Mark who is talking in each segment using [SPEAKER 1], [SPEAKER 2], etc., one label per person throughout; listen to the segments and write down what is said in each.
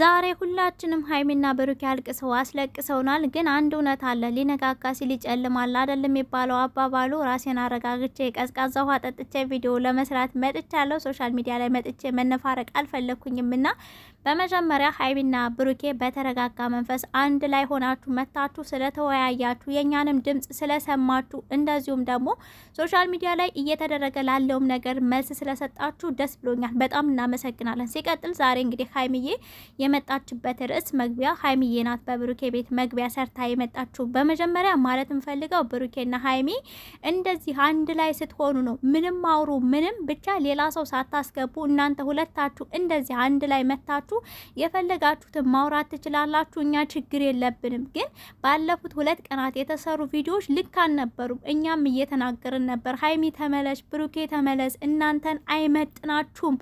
[SPEAKER 1] ዛሬ ሁላችንም ሀይሚና ብሩኬ አልቅሰው አስለቅሰውናል። ግን አንድ እውነት አለ። ሊነጋጋ ሲል ይጨልማል አይደል የሚባለው አባባሉ። ራሴን አረጋግቼ ቀዝቃዛ ውሃ ጠጥቼ ቪዲዮ ለመስራት መጥቻለሁ። ሶሻል ሚዲያ ላይ መጥቼ መነፋረቅ አልፈለግኩኝም እና በመጀመሪያ ሀይሚና ብሩኬ በተረጋጋ መንፈስ አንድ ላይ ሆናችሁ መታችሁ ስለተወያያችሁ የእኛንም ድምጽ ስለሰማችሁ እንደዚሁም ደግሞ ሶሻል ሚዲያ ላይ እየተደረገ ላለውም ነገር መልስ ስለሰጣችሁ ደስ ብሎኛል። በጣም እናመሰግናለን። ሲቀጥል ዛሬ እንግዲህ ሀይሚዬ የመጣችበት ርዕስ መግቢያ ሀይሚዬ ናት በብሩኬ ቤት መግቢያ ሰርታ የመጣችው። በመጀመሪያ ማለት እንፈልገው ብሩኬና ሀይሚ እንደዚህ አንድ ላይ ስትሆኑ ነው። ምንም አውሩ ምንም ብቻ ሌላ ሰው ሳታስገቡ እናንተ ሁለታችሁ እንደዚህ አንድ ላይ መታችሁ የፈለጋችሁትን ማውራት ትችላላችሁ። እኛ ችግር የለብንም። ግን ባለፉት ሁለት ቀናት የተሰሩ ቪዲዮዎች ልክ አልነበሩም። እኛም እየተናገርን ነበር፣ ሀይሚ ተመለስ፣ ብሩኬ ተመለስ፣ እናንተን አይመጥናችሁም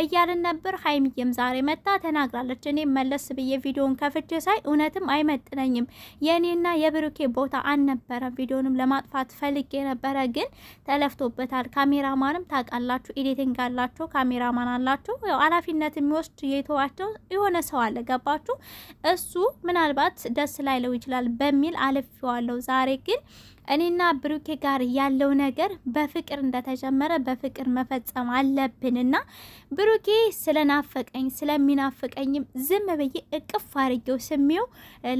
[SPEAKER 1] እያልን ነበር። ሀይሚዬም ዛሬ መታ ተናግራለች። ትላለች። እኔ መለስ ብዬ ቪዲዮን ከፍቼ ሳይ እውነትም አይመጥነኝም። የእኔና የብሩኬ ቦታ አልነበረም። ቪዲዮንም ለማጥፋት ፈልጌ ነበረ፣ ግን ተለፍቶበታል። ካሜራማንም ታውቃላችሁ፣ ኤዲቲንግ አላቸው፣ ካሜራማን አላቸው። ያው ኃላፊነት የሚወስድ የተዋቸው የሆነ ሰው አለ። ገባችሁ? እሱ ምናልባት ደስ ላይለው ይችላል በሚል አልፌዋለሁ። ዛሬ ግን እኔና ብሩኬ ጋር ያለው ነገር በፍቅር እንደተጀመረ በፍቅር መፈጸም አለብንና ብሩኬ ስለናፈቀኝ ስለሚናፍቀኝም ዝም ብዬ እቅፍ አድርጌው ስሜው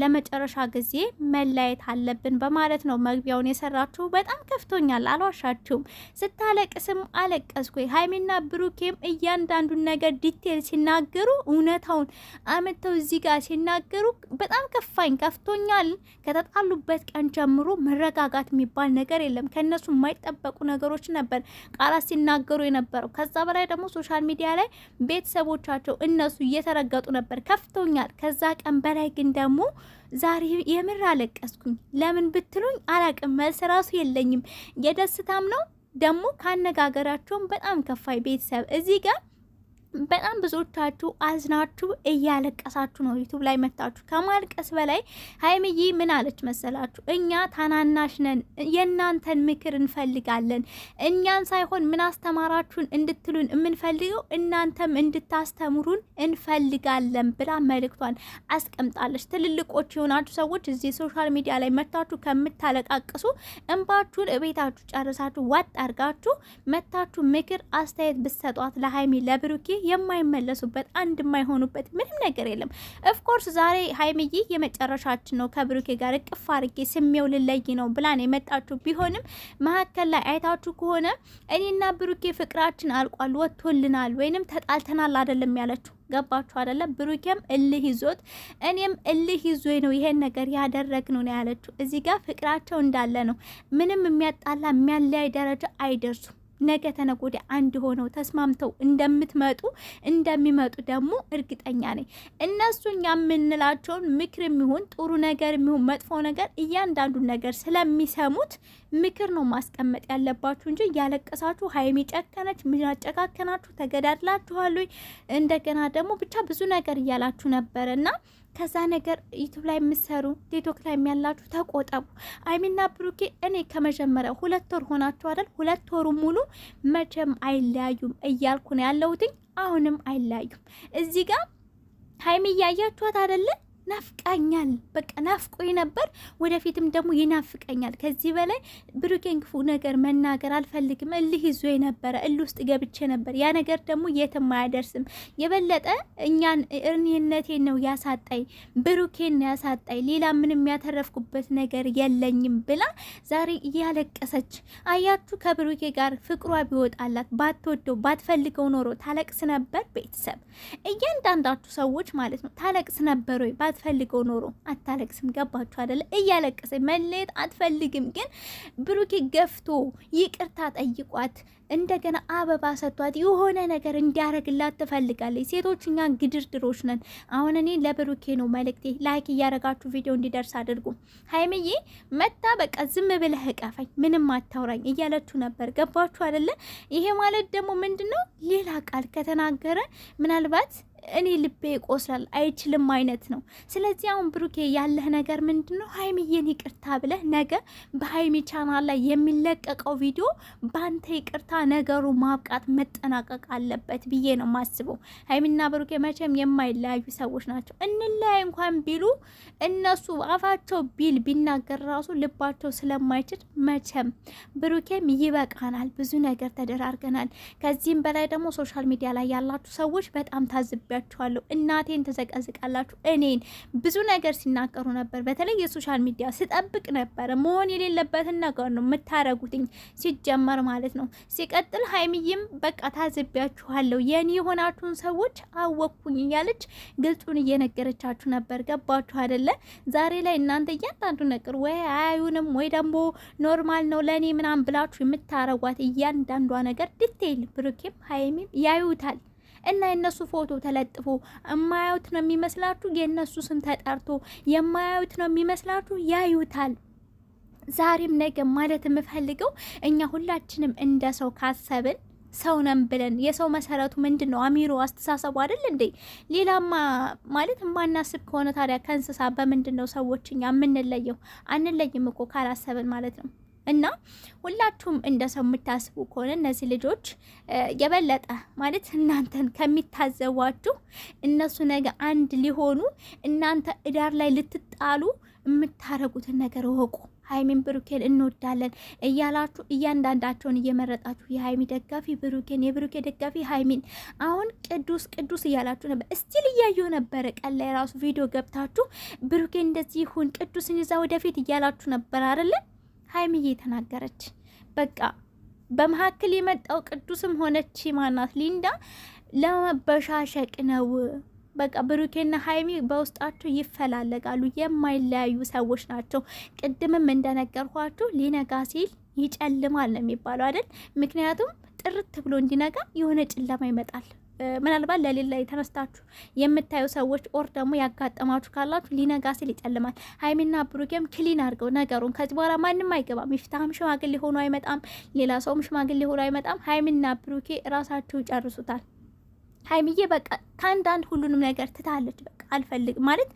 [SPEAKER 1] ለመጨረሻ ጊዜ መለያየት አለብን በማለት ነው መግቢያውን የሰራችሁ። በጣም ከፍቶኛል፣ አልዋሻችሁም። ስታለቅስም አለቀስኩ። ሀይሜና ብሩኬም እያንዳንዱን ነገር ዲቴል ሲናገሩ እውነታውን አመተው እዚህ ጋር ሲናገሩ በጣም ከፋኝ፣ ከፍቶኛል። ከተጣሉበት ቀን ጀምሮ መረጋጋ መረጋጋት የሚባል ነገር የለም። ከእነሱ የማይጠበቁ ነገሮች ነበር ቃላት ሲናገሩ የነበረው። ከዛ በላይ ደግሞ ሶሻል ሚዲያ ላይ ቤተሰቦቻቸው እነሱ እየተረገጡ ነበር። ከፍቶኛል። ከዛ ቀን በላይ ግን ደግሞ ዛሬ የምር አለቀስኩኝ። ለምን ብትሉኝ አላቅም። መልስ ራሱ የለኝም። የደስታም ነው ደግሞ ካነጋገራቸውም በጣም ከፋይ ቤተሰብ እዚህ ጋር በጣም ብዙዎቻችሁ አዝናችሁ እያለቀሳችሁ ነው ዩቱብ ላይ መታችሁ። ከማልቀስ በላይ ሀይምዬ ምን አለች መሰላችሁ? እኛ ታናናሽ ነን፣ የእናንተን ምክር እንፈልጋለን። እኛን ሳይሆን ምን አስተማራችሁን እንድትሉን የምንፈልገው እናንተም እንድታስተምሩን እንፈልጋለን ብላ መልእክቷን አስቀምጣለች። ትልልቆች የሆናችሁ ሰዎች እዚህ ሶሻል ሚዲያ ላይ መታችሁ ከምታለቃቅሱ እንባችሁን እቤታችሁ ጨርሳችሁ ዋጥ አርጋችሁ መታችሁ ምክር አስተያየት ብሰጧት ለሀይሚ ለብሩኬ የማይመለሱበት አንድ የማይሆኑበት ምንም ነገር የለም። ኦፍኮርስ ዛሬ ሀይምዬ የመጨረሻችን ነው ከብሩኬ ጋር እቅፍ አድርጌ ስሜው ልለይ ነው ብላን የመጣችሁ ቢሆንም መካከል ላይ አይታችሁ ከሆነ እኔና ብሩኬ ፍቅራችን አልቋል፣ ወጥቶልናል ወይንም ተጣልተናል አይደለም ያለችው። ገባችሁ አይደለም? ብሩኬም እልህ ይዞት እኔም እልህ ይዞ ነው ይሄን ነገር ያደረግነው ነው ያለችው። እዚህ ጋር ፍቅራቸው እንዳለ ነው። ምንም የሚያጣላ የሚያለያይ ደረጃ አይደርሱም። ነገ ተነገ አንድ ሆነው ተስማምተው እንደምትመጡ እንደሚመጡ ደግሞ እርግጠኛ ነኝ። እነሱ እኛ የምንላቸውን ምክር የሚሆን ጥሩ ነገር የሚሆን መጥፎ ነገር እያንዳንዱን ነገር ስለሚሰሙት ምክር ነው ማስቀመጥ ያለባችሁ እንጂ እያለቀሳችሁ ሀይሚ ጨከነች ምናጨካከናችሁ ተገዳድላችኋሉ እንደገና ደግሞ ብቻ ብዙ ነገር እያላችሁ ነበረ እና ከዛ ነገር ዩቱብ ላይ የምትሰሩ ቲክቶክ ላይ የሚያላችሁ ተቆጠቡ። አይሚና ብሩኬ እኔ ከመጀመሪያ ሁለት ወር ሆናችሁ አይደል? ሁለት ወሩ ሙሉ መቼም አይለያዩም እያልኩ ነው ያለሁትኝ። አሁንም አይለያዩም። እዚህ ጋር ሀይሚ እያያችኋት አይደለን ናፍቃኛል። በቃ ናፍቆኝ ነበር፣ ወደፊትም ደግሞ ይናፍቀኛል። ከዚህ በላይ ብሩኬን ክፉ ነገር መናገር አልፈልግም። እልህ ይዞ ነበረ፣ እልህ ውስጥ ገብቼ ነበር። ያ ነገር ደግሞ የትም አያደርስም። የበለጠ እኛን እኔነቴን ነው ያሳጣኝ፣ ብሩኬን ነው ያሳጣኝ። ሌላ ምንም ያተረፍኩበት ነገር የለኝም ብላ ዛሬ እያለቀሰች አያችሁ። ከብሩኬ ጋር ፍቅሯ ቢወጣላት ባትወደው ባትፈልገው ኖሮ ታለቅስ ነበር። ቤተሰብ እያንዳንዳችሁ ሰዎች ማለት ነው ታለቅስ ነበር ወይ አትፈልገው ኖሮ አታለቅስም። ገባችሁ አደለ? እያለቀሰ መለየት አትፈልግም። ግን ብሩኬ ገፍቶ ይቅርታ ጠይቋት እንደገና አበባ ሰጥቷት የሆነ ነገር እንዲያረግላት ትፈልጋለች። ሴቶች እኛ ግድርድሮች ነን። አሁን እኔ ለብሩኬ ነው መልእክቴ። ላይክ እያረጋችሁ ቪዲዮ እንዲደርስ አድርጉ። ሀይምዬ መታ በቃ ዝም ብለህ እቀፈኝ፣ ምንም አታውራኝ እያለችሁ ነበር። ገባችሁ አደለ? ይሄ ማለት ደግሞ ምንድን ነው? ሌላ ቃል ከተናገረ ምናልባት እኔ ልቤ ይቆስላል አይችልም አይነት ነው። ስለዚህ አሁን ብሩኬ ያለህ ነገር ምንድን ነው? ሀይሚዬን ይቅርታ ብለህ ነገ በሀይሚ ቻናል ላይ የሚለቀቀው ቪዲዮ በአንተ ይቅርታ ነገሩ ማብቃት መጠናቀቅ አለበት ብዬ ነው ማስበው ሀይሚና ብሩኬ መቼም የማይለያዩ ሰዎች ናቸው። እንለያይ እንኳን ቢሉ እነሱ አፋቸው ቢል ቢናገር ራሱ ልባቸው ስለማይችል መቼም ብሩኬም ይበቃናል፣ ብዙ ነገር ተደራርገናል። ከዚህም በላይ ደግሞ ሶሻል ሚዲያ ላይ ያላችሁ ሰዎች በጣም ታዝቤ ነግራችኋለሁ። እናቴን ተዘቀዝቃላችሁ። እኔን ብዙ ነገር ሲናገሩ ነበር። በተለይ የሶሻል ሚዲያ ስጠብቅ ነበር መሆን የሌለበትን ነገር ነው የምታረጉትኝ ሲጀመር ማለት ነው። ሲቀጥል ሀይሚዬም በቃ ታዝቢያችኋለሁ፣ የኔ የሆናችሁን ሰዎች አወቅኩኝ እያለች ግልጹን እየነገረቻችሁ ነበር። ገባችሁ አይደለ? ዛሬ ላይ እናንተ እያንዳንዱ ነገር ወይ አያዩንም ወይ ደግሞ ኖርማል ነው ለእኔ ምናምን ብላችሁ የምታረጓት እያንዳንዷ ነገር ዲቴይል ብሩኬም ሀይሚም ያዩታል። እና የነሱ ፎቶ ተለጥፎ የማያዩት ነው የሚመስላችሁ? የነሱ ስም ተጠርቶ የማያዩት ነው የሚመስላችሁ? ያዩታል። ዛሬም ነገ ማለት የምፈልገው እኛ ሁላችንም እንደ ሰው ካሰብን ሰው ነን ብለን የሰው መሰረቱ ምንድን ነው? አሚሮ አስተሳሰቡ አይደል እንዴ? ሌላማ ማለት የማናስብ ከሆነ ታዲያ ከእንስሳ በምንድን ነው ሰዎች እኛ የምንለየው? አንለይም እኮ ካላሰብን ማለት ነው። እና ሁላችሁም እንደ ሰው የምታስቡ ከሆነ እነዚህ ልጆች የበለጠ ማለት እናንተን ከሚታዘቧችሁ እነሱ ነገ አንድ ሊሆኑ እናንተ እዳር ላይ ልትጣሉ የምታረጉትን ነገር እወቁ። ሀይሚን ብሩኬን እንወዳለን እያላችሁ እያንዳንዳቸውን እየመረጣችሁ የሀይሚ ደጋፊ ብሩኬን፣ የብሩኬ ደጋፊ ሀይሚን። አሁን ቅዱስ ቅዱስ እያላችሁ ነበር። እስቲል እያየሁ ነበረ። ቀን ላይ ራሱ ቪዲዮ ገብታችሁ ብሩኬን እንደዚህ ይሁን ቅዱስን ይዛ ወደፊት እያላችሁ ነበር አይደለን? ሀይምዬ ተናገረች። በቃ በመካከል የመጣው ቅዱስም ሆነች ማናት ሊንዳ ለመበሻሸቅ ነው። በቃ ብሩኬና ሀይሚ በውስጣቸው ይፈላለጋሉ። የማይለያዩ ሰዎች ናቸው። ቅድምም እንደነገርኳችሁ ሊነጋ ሲል ይጨልማል ነው የሚባለው አይደል? ምክንያቱም ጥርት ብሎ እንዲነጋ የሆነ ጨለማ ይመጣል። ምናልባት ለሌላ ላይ ተነስታችሁ የምታዩ ሰዎች ኦር ደግሞ ያጋጠማችሁ ካላችሁ ሊነጋ ሲል ይጨልማል። ሀይሚና ብሩጌም ክሊን አድርገው ነገሩን። ከዚህ በኋላ ማንም አይገባም። ሚፍታህም ሽማግሌ ሊሆኑ አይመጣም። ሌላ ሰውም ሽማግሌ ሊሆኑ አይመጣም። ሀይሚና ብሩኬ ራሳችሁ ይጨርሱታል። ሀይሚዬ በቃ ከአንዳንድ ሁሉንም ነገር ትታለች። በቃ አልፈልግ ማለት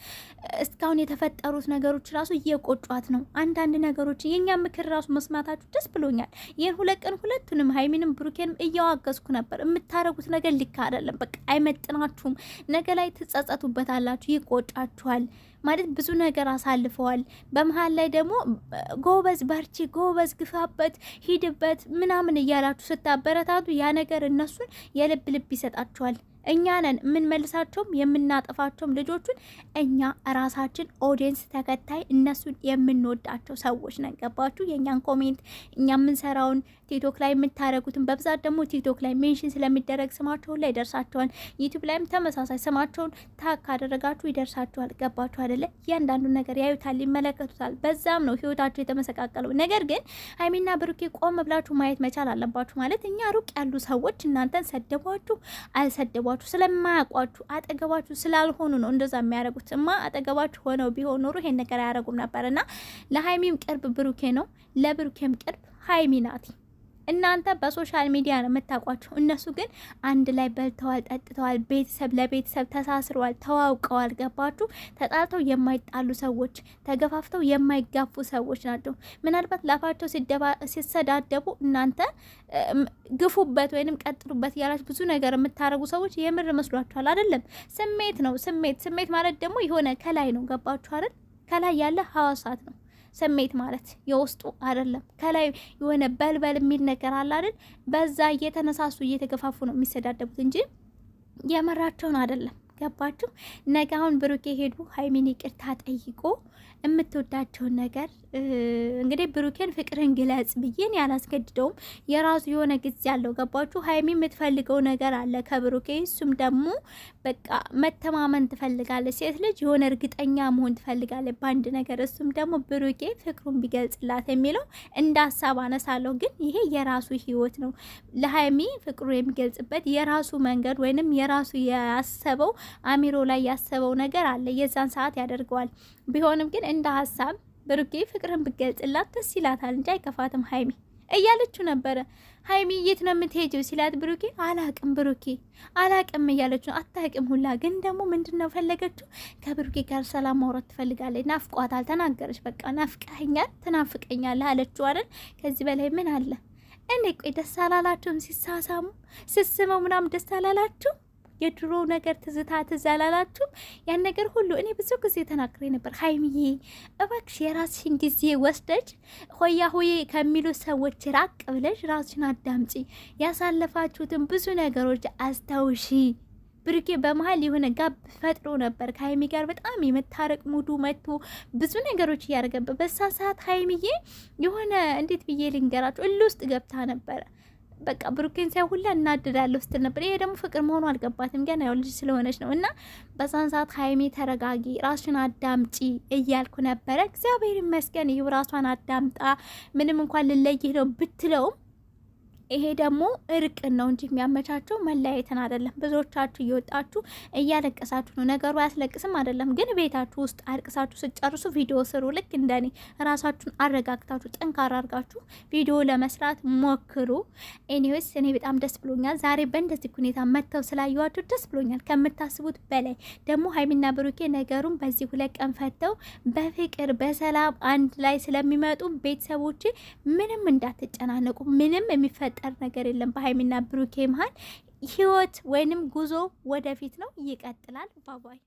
[SPEAKER 1] እስካሁን የተፈጠሩት ነገሮች ራሱ እየቆጯት ነው። አንዳንድ ነገሮች የእኛ ምክር ራሱ መስማታችሁ ደስ ብሎኛል። ይህን ሁለት ቀን ሁለቱንም ሀይሚንም ብሩኬንም እያዋገዝኩ ነበር። የምታደርጉት ነገር ልክ አይደለም። በቃ አይመጥናችሁም። ነገ ላይ ትጸጸቱበታላችሁ፣ ይቆጫችኋል። ማለት ብዙ ነገር አሳልፈዋል። በመሀል ላይ ደግሞ ጎበዝ፣ በርቺ፣ ጎበዝ፣ ግፋበት፣ ሂድበት ምናምን እያላችሁ ስታበረታቱ ያ ነገር እነሱን የልብ ልብ ይሰጣችኋል። እኛ ነን የምንመልሳቸውም የምናጠፋቸውም ልጆቹን እኛ ራሳችን ኦዲየንስ ተከታይ እነሱን የምንወዳቸው ሰዎች ነን። ገባችሁ? የእኛን ኮሜንት እኛ የምንሰራውን ቲክቶክ ላይ የምታደረጉትን በብዛት ደግሞ ቲክቶክ ላይ ሜንሽን ስለሚደረግ ስማቸውን ላይ ይደርሳቸዋል። ዩቱብ ላይም ተመሳሳይ ስማቸውን ታክ ካደረጋችሁ ይደርሳቸዋል ገባችሁ አደለ እያንዳንዱ ነገር ያዩታል፣ ይመለከቱታል። በዛም ነው ህይወታቸው የተመሰቃቀለው። ነገር ግን ሀይሚና ብሩኬ ቆም ብላችሁ ማየት መቻል አለባችሁ። ማለት እኛ ሩቅ ያሉ ሰዎች እናንተን ሰደቧችሁ አልሰደቧችሁ ስለማያውቋችሁ ስለማያውቋችሁ አጠገባችሁ ስላልሆኑ ነው እንደዛ የሚያደርጉት። እማ አጠገባችሁ ሆነው ቢሆን ኖሮ ይሄን ነገር አያደርጉም ነበር። እና ለሀይሚም ቅርብ ብሩኬ ነው፣ ለብሩኬም ቅርብ ሀይሚ ናት። እናንተ በሶሻል ሚዲያ ነው የምታውቋቸው። እነሱ ግን አንድ ላይ በልተዋል፣ ጠጥተዋል፣ ቤተሰብ ለቤተሰብ ተሳስረዋል፣ ተዋውቀዋል። ገባችሁ? ተጣልተው የማይጣሉ ሰዎች፣ ተገፋፍተው የማይጋፉ ሰዎች ናቸው። ምናልባት ላፋቸው ሲሰዳደቡ እናንተ ግፉበት ወይንም ቀጥሉበት እያላችሁ ብዙ ነገር የምታደርጉ ሰዎች የምር መስሏችኋል። አይደለም፣ ስሜት ነው። ስሜት ስሜት ማለት ደግሞ የሆነ ከላይ ነው። ገባችሁ አይደል? ከላይ ያለ ሀዋሳት ነው። ስሜት ማለት የውስጡ አይደለም። ከላይ የሆነ በልበል የሚል ነገር አለ አይደል? በዛ እየተነሳሱ እየተገፋፉ ነው የሚሰዳደቡት እንጂ የመራቸውን አይደለም። ገባችሁ? ነገ አሁን ብሩኬ ሄዱ ሀይሚን ይቅርታ ጠይቆ የምትወዳቸውን ነገር እንግዲህ ብሩኬን ፍቅርን ግለጽ ብዬን ያላስገድደውም የራሱ የሆነ ጊዜ አለው። ገባችሁ? ሀይሚ የምትፈልገው ነገር አለ ከብሩኬ። እሱም ደግሞ በቃ መተማመን ትፈልጋለች። ሴት ልጅ የሆነ እርግጠኛ መሆን ትፈልጋለች በአንድ ነገር። እሱም ደግሞ ብሩኬ ፍቅሩን ቢገልጽላት የሚለው እንደ ሀሳብ አነሳለሁ። ግን ይሄ የራሱ ህይወት ነው። ለሀይሚ ፍቅሩ የሚገልጽበት የራሱ መንገድ ወይንም የራሱ ያሰበው አሚሮ ላይ ያሰበው ነገር አለ። የዛን ሰዓት ያደርገዋል። ቢሆንም ግን እንደ ሀሳብ ብሩኬ ፍቅርን ብገልጽላት ደስ ይላታል እንጂ አይከፋትም ሀይሚ እያለችው ነበረ። ሀይሚ የት ነው የምትሄጂው ሲላት ብሩኬ አላቅም ብሩኬ አላቅም እያለች አታቅም ሁላ ግን ደግሞ ምንድን ነው ፈለገችው? ከብሩኬ ጋር ሰላም ማውራት ትፈልጋለች። ናፍቋታል፣ ተናገረች። በቃ ናፍቀኸኛል፣ ትናፍቀኛለህ አለችው አይደል? ከዚህ በላይ ምን አለ እንዴ? ቆይ ደስ አላላችሁም? ሲሳሳሙ ስስመው ምናምን ደስ አላላችሁም? የድሮ ነገር ትዝታ ትዝ አላላችሁም? ያን ነገር ሁሉ እኔ ብዙ ጊዜ ተናግሬ ነበር። ሀይሚዬ እባክሽ የራስሽን ጊዜ ወስደች ሆያ ሆዬ ከሚሉ ሰዎች ራቅ ብለሽ ራስሽን አዳምጪ። ያሳለፋችሁትን ብዙ ነገሮች አስታውሺ። ብርጌ በመሀል የሆነ ጋብ ፈጥሮ ነበር ከሀይሚ ጋር በጣም የመታረቅ ሙዱ መጥቶ ብዙ ነገሮች እያደረገበት በሳ ሰዓት ሀይሚዬ የሆነ እንዴት ብዬ ልንገራችሁ እሉ ውስጥ ገብታ ነበረ በቃ ብሩኬን ሳይ ሁላ እናድዳለሁ ስትል ነበር። ይሄ ደግሞ ፍቅር መሆኑ አልገባትም፣ ገና ያው ልጅ ስለሆነች ነው። እና በዛን ሰዓት ሀይሜ ተረጋጊ፣ ራስሽን አዳምጪ እያልኩ ነበረ። እግዚአብሔር ይመስገን ይኸው ራሷን አዳምጣ ምንም እንኳን ልለይህ ነው ብትለውም ይሄ ደግሞ እርቅን ነው እንጂ የሚያመቻቸው መለያየትን አይደለም። ብዙዎቻችሁ እየወጣችሁ እያለቀሳችሁ ነው። ነገሩ አያስለቅስም አይደለም፣ ግን ቤታችሁ ውስጥ አልቅሳችሁ ስጨርሱ ቪዲዮ ስሩ። ልክ እንደኔ ራሳችሁን አረጋግታችሁ ጠንካራ አድርጋችሁ ቪዲዮ ለመስራት ሞክሩ። ኤኒዌይስ እኔ በጣም ደስ ብሎኛል ዛሬ በእንደዚህ ሁኔታ መጥተው ስላየዋችሁ ደስ ብሎኛል ከምታስቡት በላይ ደግሞ ሀይሚና ብሩኬ ነገሩን በዚህ ሁለት ቀን ፈተው በፍቅር በሰላም አንድ ላይ ስለሚመጡ ቤተሰቦቼ ምንም እንዳትጨናነቁ ምንም የሚፈ የሚፈጠር ነገር የለም። በሀይሚና ብሩኬ መሀል ህይወት ወይንም ጉዞ ወደፊት ነው፣ ይቀጥላል። ባባይ